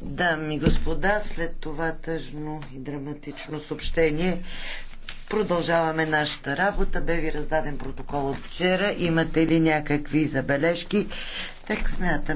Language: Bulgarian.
Дами и господа, след това тъжно и драматично съобщение продължаваме нашата работа. Бе ви раздаден протокол от вчера. Имате ли някакви забележки? Так смятаме.